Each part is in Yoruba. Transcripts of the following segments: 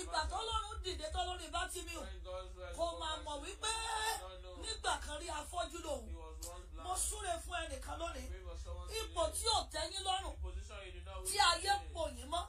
ìgbà tọ́lọ́run dìde tọ́lọ́run bá ti mi o kò máa mọ̀ wípé nígbà kan rí afọ́jú lòun mo súre fún ẹnìkan lónìí ipò tí ò tẹ́yìn lọ́rùn tí ayé pò yín mọ́.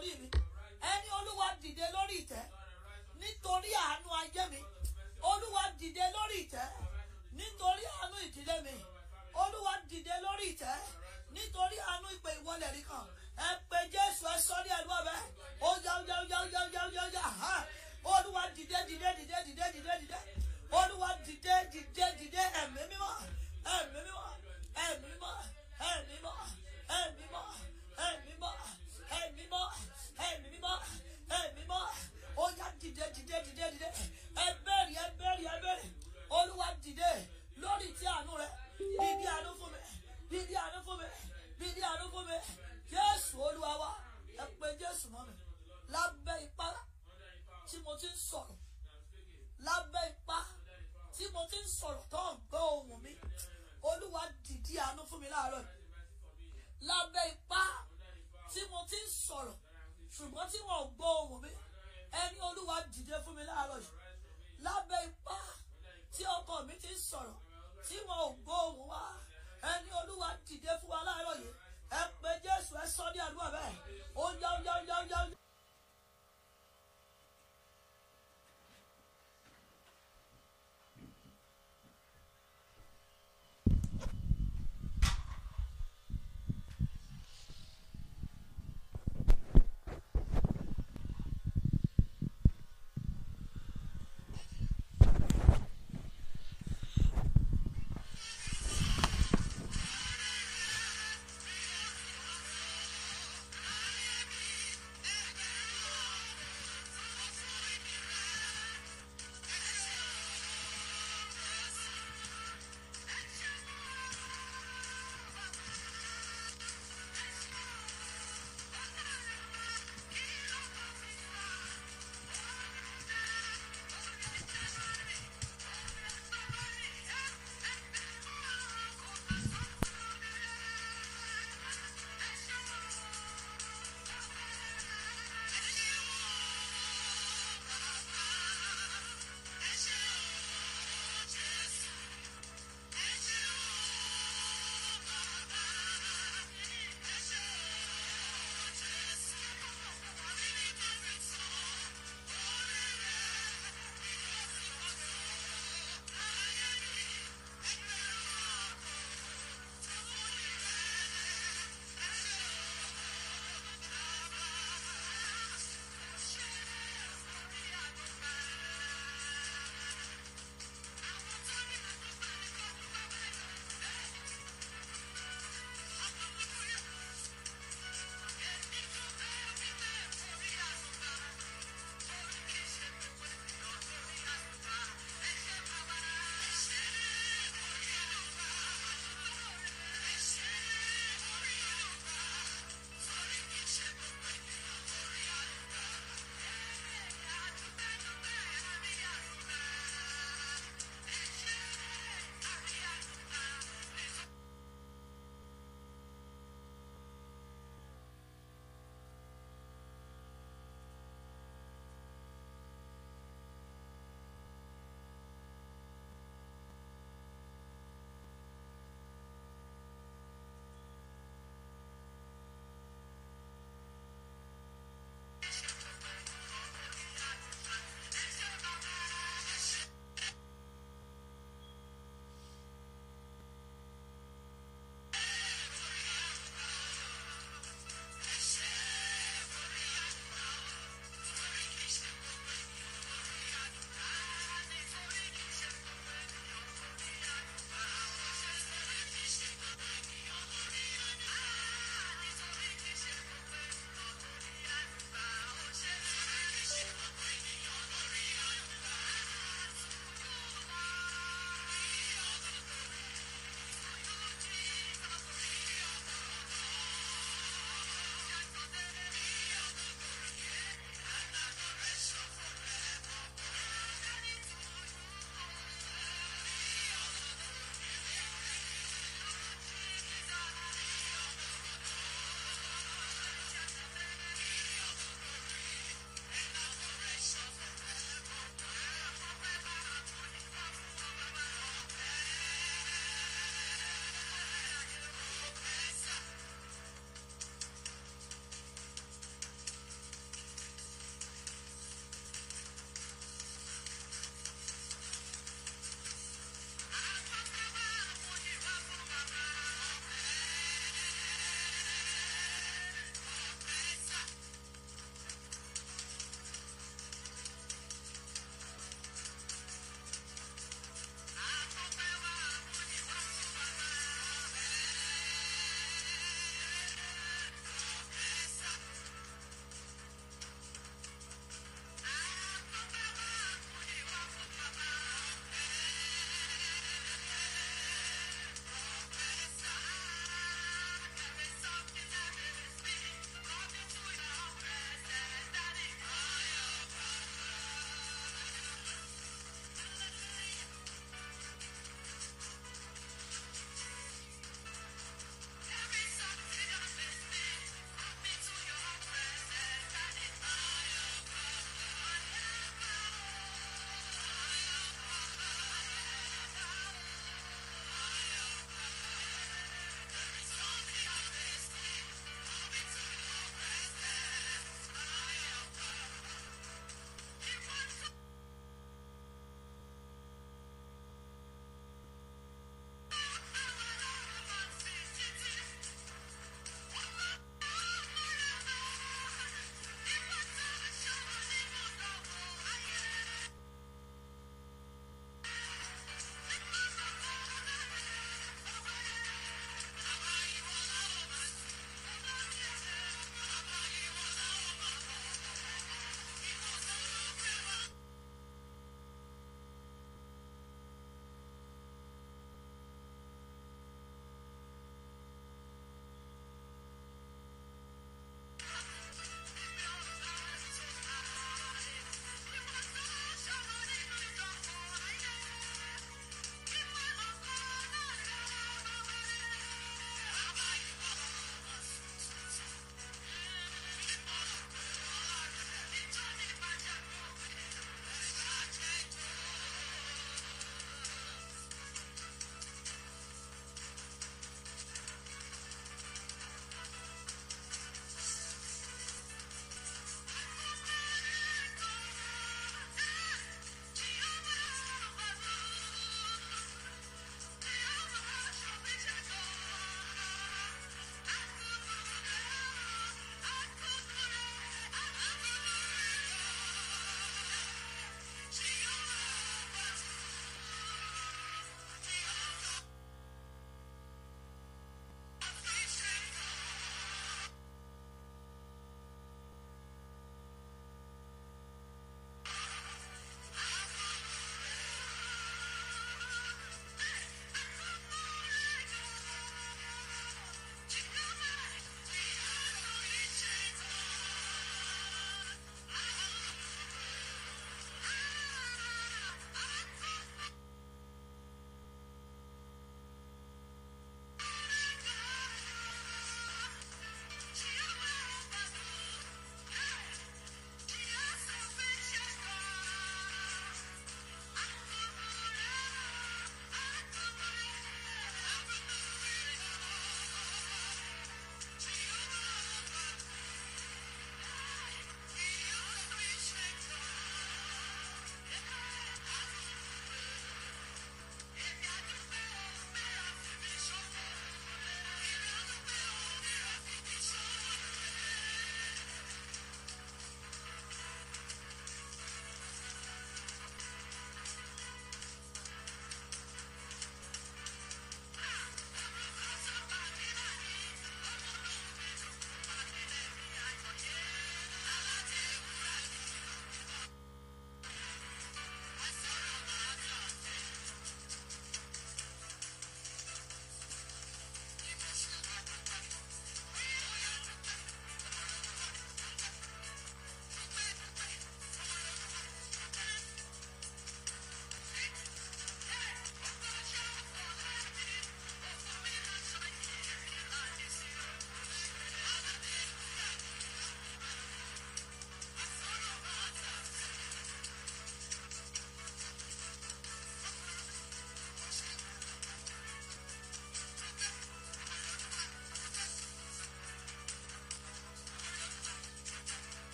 lórí mi ẹni olúwa dìde lórí ìtẹ́ nítorí àánú ayé mi olúwa dìde lórí ìtẹ́ nítorí àánú ìdílé mi olúwa dìde lórí ìtẹ́ nítorí àánú ìpè ìwọlé rí kan ẹ pé jésù ẹ sọ ní ẹlú ọbẹ ó yá ó yá ó yá ó yá ó yá ó yá ó yá ha olúwa dìde dìde dìde dìde dìde dìde olúwa dìde dìde dìde ẹ̀mí mímọ́ ẹ̀mí mímọ́ ẹ̀mí mímọ́. dìde dìde dìde dìde ẹ bẹ̀rẹ̀ ẹ bẹ̀rẹ̀ ẹ bẹ̀rẹ̀ olúwa dìde lórí ti àánú rẹ dídí àánú fún mi dídí àánú fún mi dídí àánú fún mi jésù olúwa wa ẹ pé jésù mọ́ mi lábẹ́ ipá tí mo ti ń sọ̀rọ̀ lábẹ́ ipá tí mo ti ń sọ̀rọ̀ tó ń gbọ́ ohùn mi olúwa dìdí àánú fún mi láàárọ̀ lábẹ́ ipá tí mo ti ń sọ̀rọ̀ ṣùgbọ́n tí wọ́n gbọ́ ohùn mi olúwa dìde fún mi láàárọ̀ yìí lábẹ́ ipá tí ọkọ mi ti ń sọ̀rọ̀ tí wọn ò gbóhùn wá ẹni olúwa dìde fún wa láàárọ̀ yìí ẹ pé jésù ẹ sọ ní àdúrà bẹ́ẹ̀ ó yá ó yá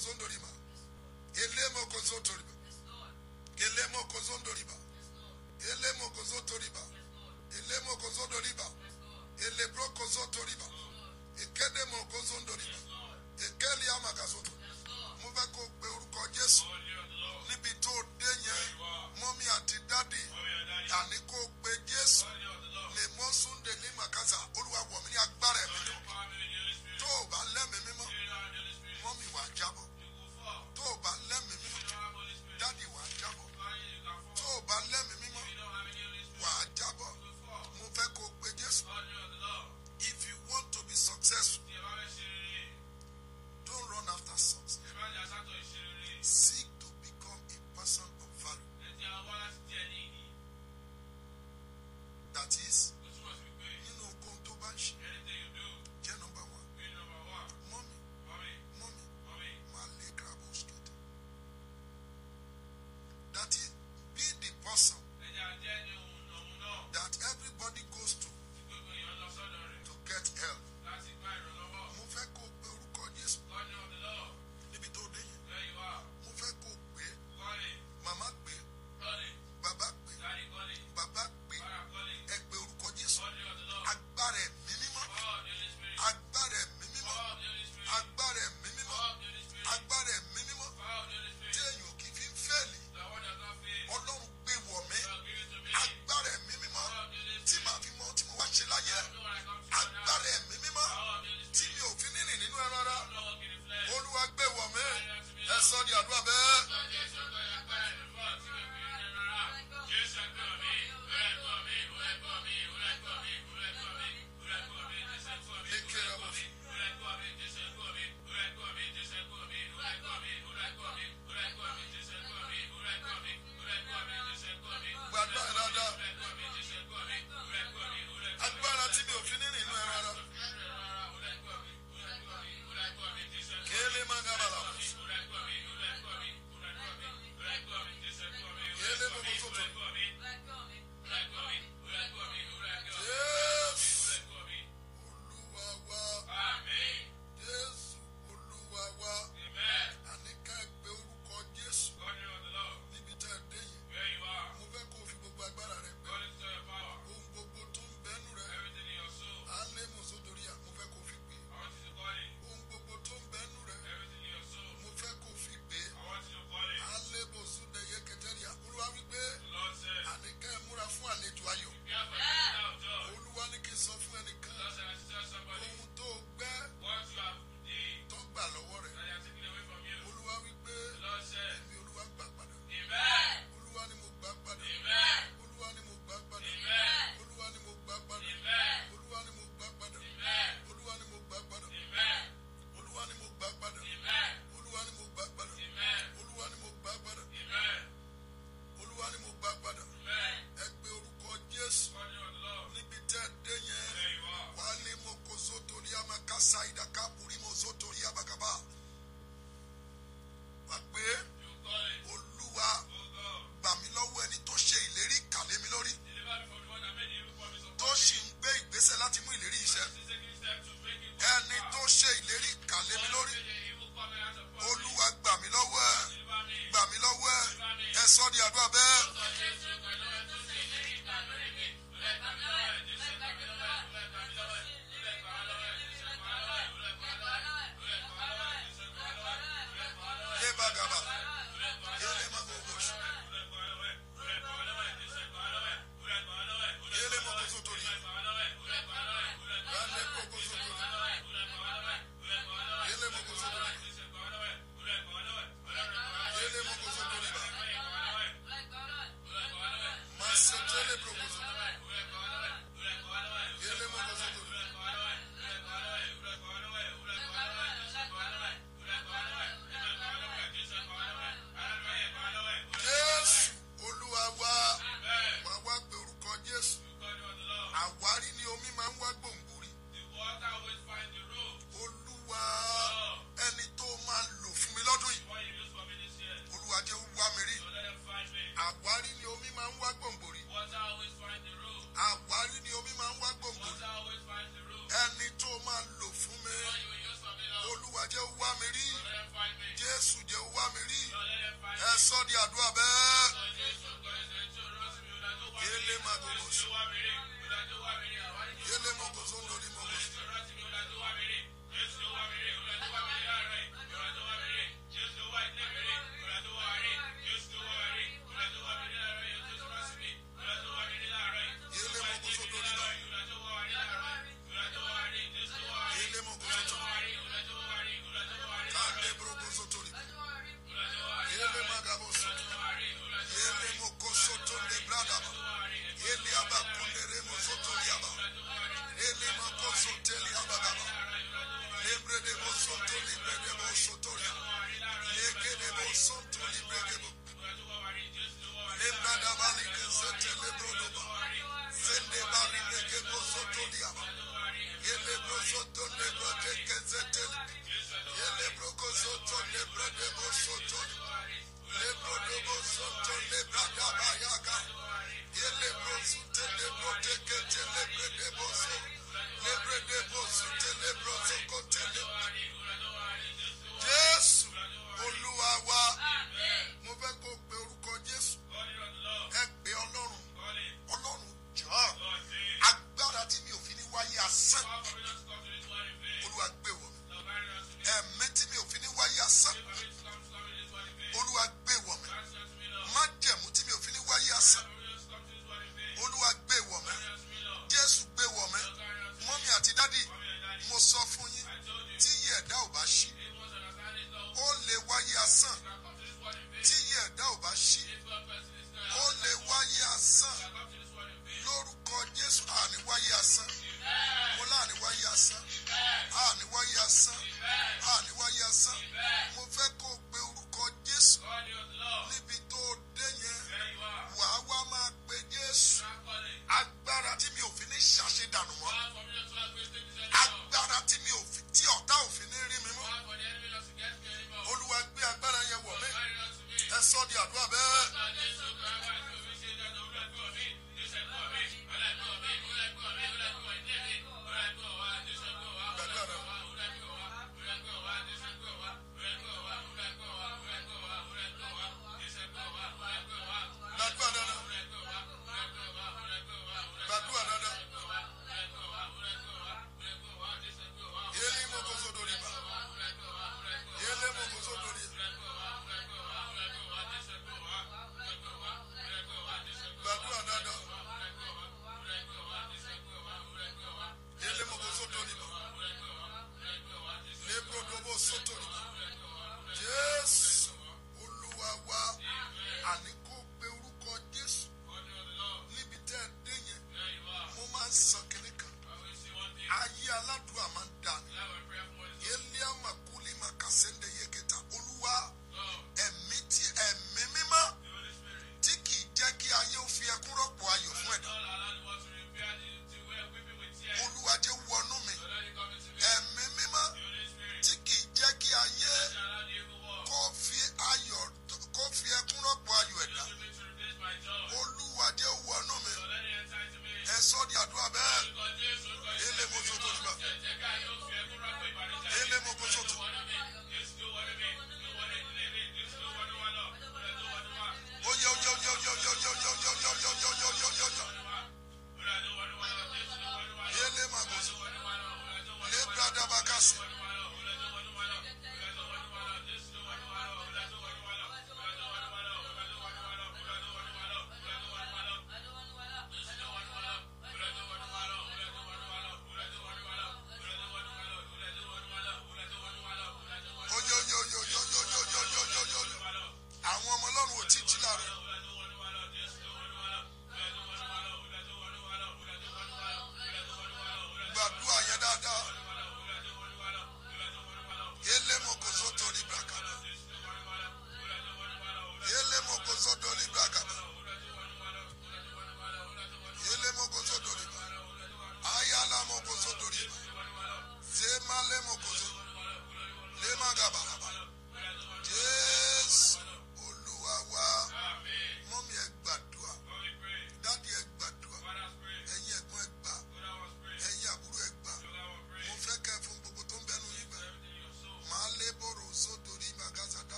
kozondoriba. Elemo kozondoriba. Elemo kozondoriba. Elemo kozondoriba. Elemo kozondoriba. Elebro kozondoriba. Ekedemo kozondoriba. Ekeli amagazoto. Mo fẹ́ kó pe orúkọ Jésù. Níbi tó dé yẹn, mọ́mí àti dádì àní kó pe Jésù. Lè mọ́ Súndé ní Màkàsà, olúwa wọ̀ mí ní agbára ẹ̀mí tó. Tó o bá lẹ́mìí mímọ́. wà jábọ̀ tó wà jábọ̀ tó wà jábọ̀ mo fẹ́ kó pe if you want to be successful don't run after success seek